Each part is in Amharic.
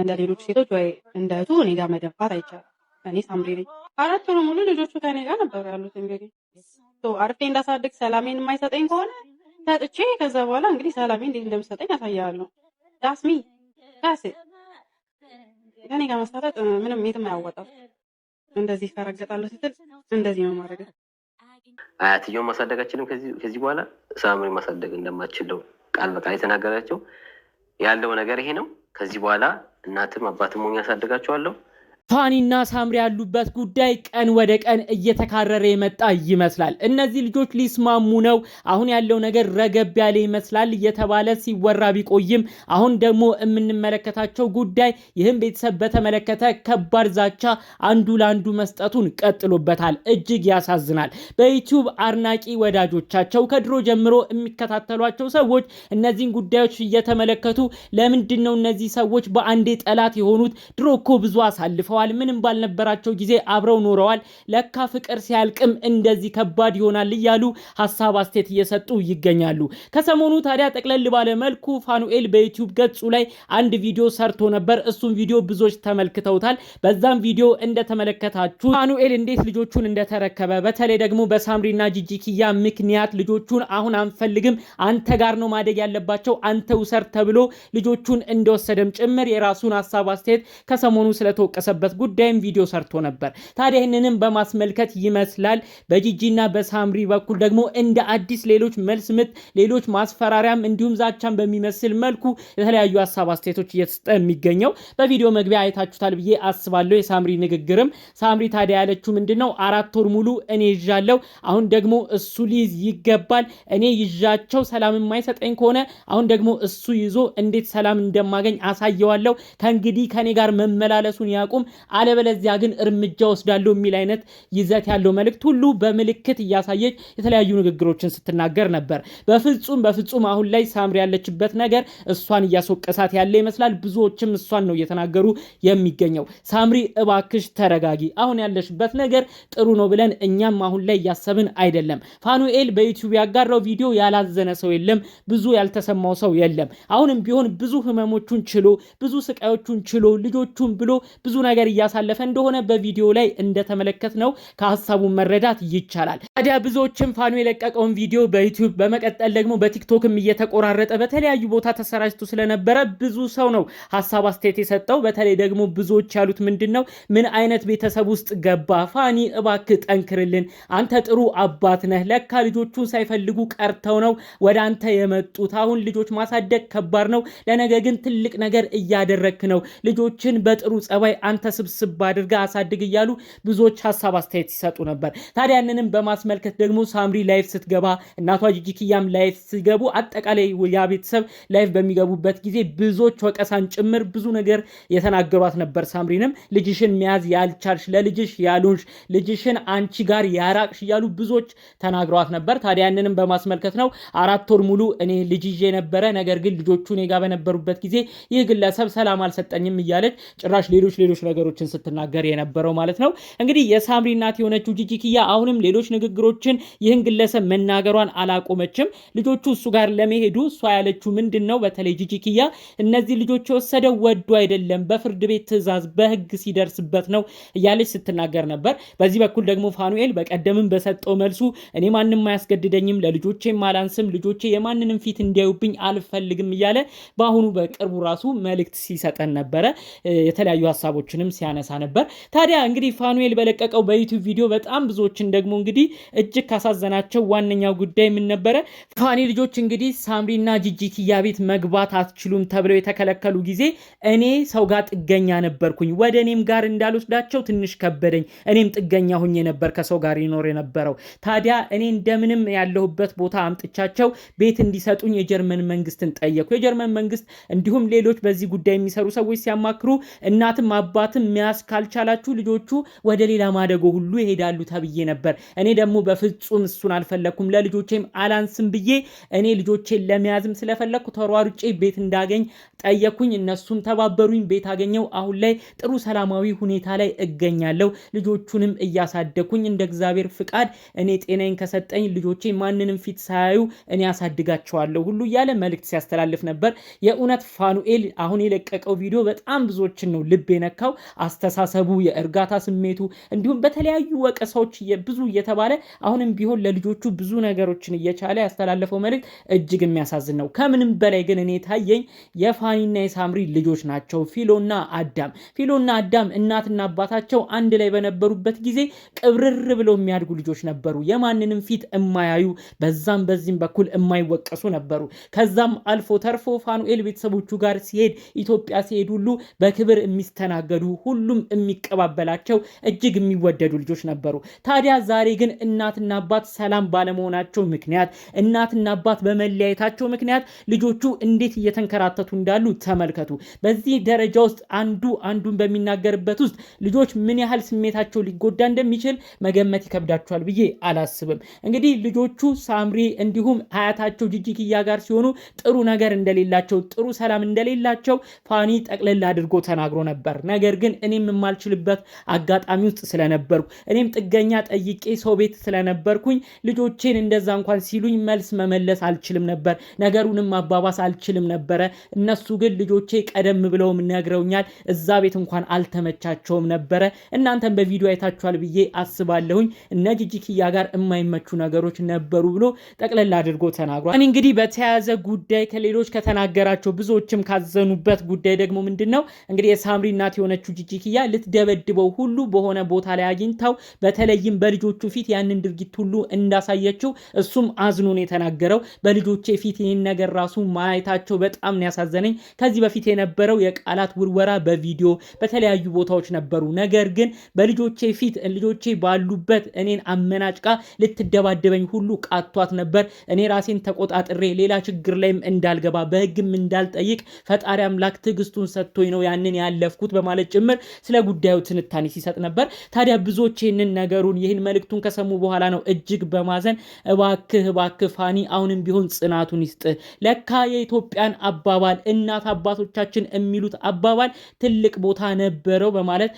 እንደ ሌሎች ሴቶች ወይ እንደ እህቱ እኔ ጋር መደፋት አይቻልም። እኔ ሳምሪ ነኝ። አራት ወር ሙሉ ልጆቹ ከኔ ጋር ነበሩ ያሉት። እንግዲህ አርፌ እንዳሳድግ ሰላሜን የማይሰጠኝ ከሆነ ሰጥቼ ከዛ በኋላ እንግዲህ ሰላሜ እንዴት እንደምሰጠኝ ያሳያሉ ዳስሚ ዳስ ከኔ ጋር መሳጠጥ ምንም የትም አያወጣም። እንደዚህ ፈረገጣለሁ ስትል እንደዚህ ነው ማድረግ። አያትየውን ማሳደግ አችልም። ከዚህ በኋላ ሳምሪ ማሳደግ እንደማችለው ቃል በቃል የተናገራቸው ያለው ነገር ይሄ ነው። ከዚህ በኋላ እናትም አባትም ሆኜ አሳድጋቸዋለሁ። ፋኒና ሳምሪ ያሉበት ጉዳይ ቀን ወደ ቀን እየተካረረ የመጣ ይመስላል። እነዚህ ልጆች ሊስማሙ ነው፣ አሁን ያለው ነገር ረገብ ያለ ይመስላል እየተባለ ሲወራ ቢቆይም አሁን ደግሞ የምንመለከታቸው ጉዳይ ይህም ቤተሰብ በተመለከተ ከባድ ዛቻ አንዱ ለአንዱ መስጠቱን ቀጥሎበታል። እጅግ ያሳዝናል። በዩቲዩብ አድናቂ ወዳጆቻቸው ከድሮ ጀምሮ የሚከታተሏቸው ሰዎች እነዚህን ጉዳዮች እየተመለከቱ ለምንድን ነው እነዚህ ሰዎች በአንዴ ጠላት የሆኑት? ድሮ እኮ ብዙ አሳልፈው ተለያይተዋል፣ ምንም ባልነበራቸው ጊዜ አብረው ኖረዋል። ለካ ፍቅር ሲያልቅም እንደዚህ ከባድ ይሆናል እያሉ ሀሳብ አስተያየት እየሰጡ ይገኛሉ። ከሰሞኑ ታዲያ ጠቅለል ባለ መልኩ ፋኑኤል በዩቲዩብ ገጹ ላይ አንድ ቪዲዮ ሰርቶ ነበር። እሱም ቪዲዮ ብዙዎች ተመልክተውታል። በዛም ቪዲዮ እንደተመለከታችሁ ፋኑኤል እንዴት ልጆቹን እንደተረከበ በተለይ ደግሞ በሳምሪና ጂጂኪያ ምክንያት ልጆቹን አሁን አንፈልግም፣ አንተ ጋር ነው ማደግ ያለባቸው፣ አንተ ውሰር ተብሎ ልጆቹን እንደወሰደም ጭምር የራሱን ሀሳብ አስተያየት ከሰሞኑ ስለተወቀሰበት ስለሚሰራበት ጉዳይም ቪዲዮ ሰርቶ ነበር። ታዲያ ይህንንም በማስመልከት ይመስላል በጂጂና በሳምሪ በኩል ደግሞ እንደ አዲስ ሌሎች መልስ ምት፣ ሌሎች ማስፈራሪያም እንዲሁም ዛቻን በሚመስል መልኩ የተለያዩ ሀሳብ አስተያየቶች እየተሰጠ የሚገኘው በቪዲዮ መግቢያ አይታችሁታል ብዬ አስባለሁ። የሳምሪ ንግግርም ሳምሪ ታዲያ ያለችው ምንድን ነው? አራት ወር ሙሉ እኔ ይዣለሁ፣ አሁን ደግሞ እሱ ሊይዝ ይገባል። እኔ ይዣቸው ሰላም የማይሰጠኝ ከሆነ አሁን ደግሞ እሱ ይዞ እንዴት ሰላም እንደማገኝ አሳየዋለሁ። ከእንግዲህ ከእኔ ጋር መመላለሱን ያቁም፣ አለበለዚያ ግን እርምጃ ወስዳለሁ የሚል አይነት ይዘት ያለው መልእክት ሁሉ በምልክት እያሳየች የተለያዩ ንግግሮችን ስትናገር ነበር። በፍጹም በፍጹም አሁን ላይ ሳምሪ ያለችበት ነገር እሷን እያስወቀሳት ያለ ይመስላል። ብዙዎችም እሷን ነው እየተናገሩ የሚገኘው። ሳምሪ እባክሽ ተረጋጊ፣ አሁን ያለሽበት ነገር ጥሩ ነው ብለን እኛም አሁን ላይ እያሰብን አይደለም። ፋኑኤል በዩቲዩብ ያጋራው ቪዲዮ ያላዘነ ሰው የለም፣ ብዙ ያልተሰማው ሰው የለም። አሁንም ቢሆን ብዙ ህመሞቹን ችሎ ብዙ ስቃዮቹን ችሎ ልጆቹን ብሎ ብዙ ነገር ነገር እያሳለፈ እንደሆነ በቪዲዮ ላይ እንደተመለከት ነው ከሀሳቡ መረዳት ይቻላል። ታዲያ ብዙዎችም ፋኖ የለቀቀውን ቪዲዮ በዩቲዩብ በመቀጠል ደግሞ በቲክቶክም እየተቆራረጠ በተለያዩ ቦታ ተሰራጭቶ ስለነበረ ብዙ ሰው ነው ሀሳብ አስተያየት የሰጠው። በተለይ ደግሞ ብዙዎች ያሉት ምንድን ነው ምን አይነት ቤተሰብ ውስጥ ገባ ፋኒ፣ እባክ ጠንክርልን፣ አንተ ጥሩ አባት ነህ። ለካ ልጆቹን ሳይፈልጉ ቀርተው ነው ወደ አንተ የመጡት። አሁን ልጆች ማሳደግ ከባድ ነው፣ ለነገ ግን ትልቅ ነገር እያደረክ ነው። ልጆችን በጥሩ ጸባይ አንተ ስብስብ አድርጋ አሳድግ እያሉ ብዙዎች ሀሳብ አስተያየት ሲሰጡ ነበር። ታዲያ ያንንም በማስመልከት ደግሞ ሳምሪ ላይፍ ስትገባ እናቷ ጂጂክያም ላይፍ ሲገቡ አጠቃላይ ያ ቤተሰብ ላይፍ በሚገቡበት ጊዜ ብዙዎች ወቀሳን ጭምር ብዙ ነገር የተናገሯት ነበር። ሳምሪንም ልጅሽን መያዝ ያልቻልሽ፣ ለልጅሽ ያሉንሽ፣ ልጅሽን አንቺ ጋር ያራቅሽ እያሉ ብዙዎች ተናግረዋት ነበር። ታዲያ ያንንም በማስመልከት ነው አራት ወር ሙሉ እኔ ልጅ ይዤ ነበረ፣ ነገር ግን ልጆቹ እኔ ጋር በነበሩበት ጊዜ ይህ ግለሰብ ሰላም አልሰጠኝም እያለች ጭራሽ ሌሎች ሌሎች ነገሮች ነገሮችን ስትናገር የነበረው ማለት ነው። እንግዲህ የሳምሪ እናት የሆነችው ጂጂ ኪያ አሁንም ሌሎች ንግግሮችን ይህን ግለሰብ መናገሯን አላቆመችም። ልጆቹ እሱ ጋር ለመሄዱ እሷ ያለችው ምንድን ነው? በተለይ ጂጂ ኪያ እነዚህ ልጆች የወሰደው ወዱ አይደለም፣ በፍርድ ቤት ትዕዛዝ፣ በህግ ሲደርስበት ነው እያለች ስትናገር ነበር። በዚህ በኩል ደግሞ ፋኑኤል በቀደምም በሰጠው መልሱ እኔ ማንም አያስገድደኝም፣ ለልጆቼ አላንስም፣ ልጆቼ የማንንም ፊት እንዲያዩብኝ አልፈልግም እያለ በአሁኑ በቅርቡ ራሱ መልእክት ሲሰጠን ነበረ የተለያዩ ሀሳቦችንም ይህንንም ሲያነሳ ነበር። ታዲያ እንግዲህ ፋኑኤል በለቀቀው በዩቱብ ቪዲዮ በጣም ብዙዎችን ደግሞ እንግዲህ እጅግ ካሳዘናቸው ዋነኛው ጉዳይ ምን ነበረ? ፋኒ ልጆች እንግዲህ ሳምሪና ጂጂ ኪያ ቤት መግባት አትችሉም ተብለው የተከለከሉ ጊዜ እኔ ሰው ጋር ጥገኛ ነበርኩኝ። ወደ እኔም ጋር እንዳልወስዳቸው ትንሽ ከበደኝ። እኔም ጥገኛ ሁኜ ነበር ከሰው ጋር ይኖር የነበረው። ታዲያ እኔ እንደምንም ያለሁበት ቦታ አምጥቻቸው ቤት እንዲሰጡኝ የጀርመን መንግስትን ጠየኩ። የጀርመን መንግስት እንዲሁም ሌሎች በዚህ ጉዳይ የሚሰሩ ሰዎች ሲያማክሩ እናትም አባት መያዝ ካልቻላችሁ ልጆቹ ወደ ሌላ ማደጎ ሁሉ ይሄዳሉ ተብዬ ነበር። እኔ ደግሞ በፍጹም እሱን አልፈለግኩም። ለልጆቼም አላንስም ብዬ እኔ ልጆቼን ለመያዝም ስለፈለግኩ ተሯሩጬ ቤት እንዳገኝ ጠየኩኝ። እነሱም ተባበሩኝ። ቤት አገኘው። አሁን ላይ ጥሩ ሰላማዊ ሁኔታ ላይ እገኛለሁ። ልጆቹንም እያሳደኩኝ እንደ እግዚአብሔር ፍቃድ እኔ ጤናዬን ከሰጠኝ ልጆቼ ማንንም ፊት ሳያዩ እኔ ያሳድጋቸዋለሁ ሁሉ እያለ መልእክት ሲያስተላልፍ ነበር። የእውነት ፋኑኤል አሁን የለቀቀው ቪዲዮ በጣም ብዙዎችን ነው ልብ የነካው። አስተሳሰቡ፣ የእርጋታ ስሜቱ እንዲሁም በተለያዩ ወቀሳዎች ብዙ እየተባለ አሁንም ቢሆን ለልጆቹ ብዙ ነገሮችን እየቻለ ያስተላለፈው መልእክት እጅግ የሚያሳዝን ነው። ከምንም በላይ ግን እኔ ታየኝ የፋኒና የሳምሪ ልጆች ናቸው ፊሎና አዳም። ፊሎና አዳም እናትና አባታቸው አንድ ላይ በነበሩበት ጊዜ ቅብርር ብለው የሚያድጉ ልጆች ነበሩ። የማንንም ፊት እማያዩ በዛም በዚህም በኩል የማይወቀሱ ነበሩ። ከዛም አልፎ ተርፎ ፋኑኤል ቤተሰቦቹ ጋር ሲሄድ ኢትዮጵያ ሲሄድ ሁሉ በክብር የሚስተናገዱ ሁሉም የሚቀባበላቸው እጅግ የሚወደዱ ልጆች ነበሩ። ታዲያ ዛሬ ግን እናትና አባት ሰላም ባለመሆናቸው ምክንያት እናትና አባት በመለያየታቸው ምክንያት ልጆቹ እንዴት እየተንከራተቱ እንዳሉ ተመልከቱ። በዚህ ደረጃ ውስጥ አንዱ አንዱን በሚናገርበት ውስጥ ልጆች ምን ያህል ስሜታቸው ሊጎዳ እንደሚችል መገመት ይከብዳቸዋል ብዬ አላስብም። እንግዲህ ልጆቹ ሳምሪ እንዲሁም አያታቸው ጂጂክያ ጋር ሲሆኑ ጥሩ ነገር እንደሌላቸው፣ ጥሩ ሰላም እንደሌላቸው ፋኒ ጠቅልል አድርጎ ተናግሮ ነበር ነገር ግን ግን እኔም የማልችልበት አጋጣሚ ውስጥ ስለነበርኩ እኔም ጥገኛ ጠይቄ ሰው ቤት ስለነበርኩኝ ልጆቼን እንደዛ እንኳን ሲሉኝ መልስ መመለስ አልችልም ነበር። ነገሩንም ማባባስ አልችልም ነበረ። እነሱ ግን ልጆቼ ቀደም ብለውም ነግረውኛል። እዛ ቤት እንኳን አልተመቻቸውም ነበረ። እናንተም በቪዲዮ አይታችኋል ብዬ አስባለሁኝ። እነ ጂጂኪያ ጋር የማይመቹ ነገሮች ነበሩ ብሎ ጠቅለል አድርጎ ተናግሯል። እኔ እንግዲህ በተያያዘ ጉዳይ ከሌሎች ከተናገራቸው ብዙዎችም ካዘኑበት ጉዳይ ደግሞ ምንድን ነው እንግዲህ የሳምሪ እናት የሆነችው ጂጂኪያ ልትደበድበው ሁሉ በሆነ ቦታ ላይ አግኝታው በተለይም በልጆቹ ፊት ያንን ድርጊት ሁሉ እንዳሳየችው እሱም አዝኖን የተናገረው በልጆቼ ፊት ይህን ነገር ራሱ ማየታቸው በጣም ያሳዘነኝ። ከዚህ በፊት የነበረው የቃላት ውርወራ በቪዲዮ በተለያዩ ቦታዎች ነበሩ። ነገር ግን በልጆቼ ፊት ልጆቼ ባሉበት እኔን አመናጭቃ ልትደባደበኝ ሁሉ ቃቷት ነበር። እኔ ራሴን ተቆጣጥሬ ሌላ ችግር ላይም እንዳልገባ በህግም እንዳልጠይቅ ፈጣሪ አምላክ ትዕግስቱን ሰጥቶኝ ነው ያንን ያለፍኩት በማለት ጭምር ጭምር ስለ ጉዳዩ ትንታኔ ሲሰጥ ነበር። ታዲያ ብዙዎች ይህንን ነገሩን ይህን መልእክቱን ከሰሙ በኋላ ነው እጅግ በማዘን እባክህ እባክህ ፋኒ አሁንም ቢሆን ጽናቱን ይስጥ። ለካ የኢትዮጵያን አባባል እናት አባቶቻችን የሚሉት አባባል ትልቅ ቦታ ነበረው በማለት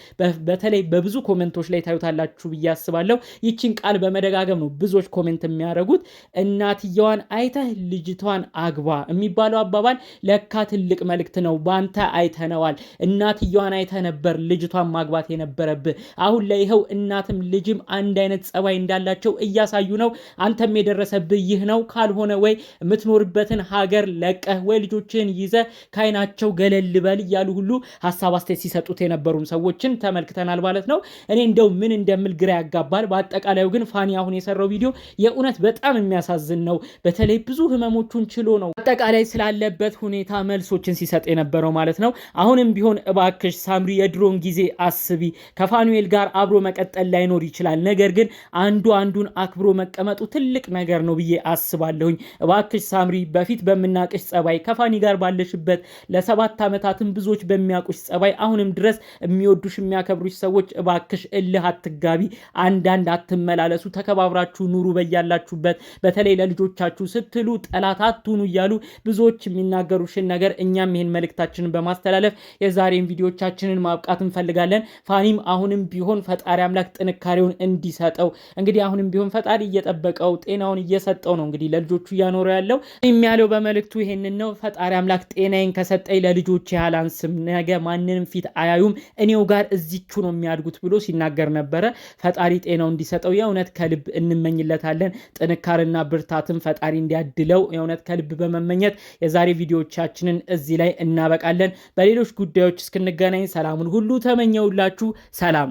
በተለይ በብዙ ኮሜንቶች ላይ ታዩታላችሁ ብዬ አስባለሁ። ይችን ቃል በመደጋገም ነው ብዙዎች ኮሜንት የሚያደርጉት። እናትየዋን አይተህ ልጅቷን አግባ የሚባለው አባባል ለካ ትልቅ መልእክት ነው። በአንተ አይተነዋል፣ እናትየዋን አይተህ ነበር ልጅቷን ማግባት የነበረብህ። አሁን ላይ ይኸው እናትም ልጅም አንድ አይነት ጸባይ እንዳላቸው እያሳዩ ነው። አንተም የደረሰብህ ይህ ነው። ካልሆነ ወይ የምትኖርበትን ሀገር ለቀህ ወይ ልጆችህን ይዘህ ከአይናቸው ገለል በል እያሉ ሁሉ ሀሳብ አስተያየት ሲሰጡት የነበሩን ሰዎችን ተመልክተናል ማለት ነው። እኔ እንደው ምን እንደምል ግራ ያጋባል። በአጠቃላዩ ግን ፋኒ አሁን የሰራው ቪዲዮ የእውነት በጣም የሚያሳዝን ነው። በተለይ ብዙ ህመሞቹን ችሎ ነው አጠቃላይ ስላለበት ሁኔታ መልሶችን ሲሰጥ የነበረው ማለት ነው። አሁንም ቢሆን እባክሽ ሳምሪ የድሮን ጊዜ አስቢ። ከፋኑኤል ጋር አብሮ መቀጠል ላይኖር ይችላል፣ ነገር ግን አንዱ አንዱን አክብሮ መቀመጡ ትልቅ ነገር ነው ብዬ አስባለሁኝ። እባክሽ ሳምሪ በፊት በምናቅሽ ጸባይ፣ ከፋኒ ጋር ባለሽበት ለሰባት ዓመታትን ብዙዎች በሚያውቁሽ ጸባይ አሁንም ድረስ የሚወዱሽ የሚያከብሩሽ ሰዎች እባክሽ እልህ አትጋቢ፣ አንዳንድ አትመላለሱ፣ ተከባብራችሁ ኑሩ በያላችሁበት። በተለይ ለልጆቻችሁ ስትሉ ጠላት አትሁኑ እያሉ ብዙዎች የሚናገሩሽን ነገር እኛም ይህን መልእክታችንን በማስተላለፍ የዛሬን ቪዲዮቻችንን ማብቃት እንፈልጋለን። ፋኒም አሁንም ቢሆን ፈጣሪ አምላክ ጥንካሬውን እንዲሰጠው እንግዲህ አሁንም ቢሆን ፈጣሪ እየጠበቀው ጤናውን እየሰጠው ነው እንግዲህ ለልጆቹ እያኖረ ያለው የሚያለው በመልእክቱ ይሄንን ነው። ፈጣሪ አምላክ ጤናዬን ከሰጠኝ ለልጆች ያላንስም፣ ነገ ማንንም ፊት አያዩም፣ እኔው ጋር እዚቹ ነው የሚያድጉት ብሎ ሲናገር ነበረ። ፈጣሪ ጤናው እንዲሰጠው የእውነት ከልብ እንመኝለታለን። ጥንካሬና ብርታትም ፈጣሪ እንዲያድለው የእውነት ከልብ በመመኘት የዛሬ ቪዲዮዎቻችንን እዚህ ላይ እናበቃለን። በሌሎች ጉዳዮች እስክንገናኝ ሰላም ሰላሙን ሁሉ ተመኘውላችሁ። ሰላም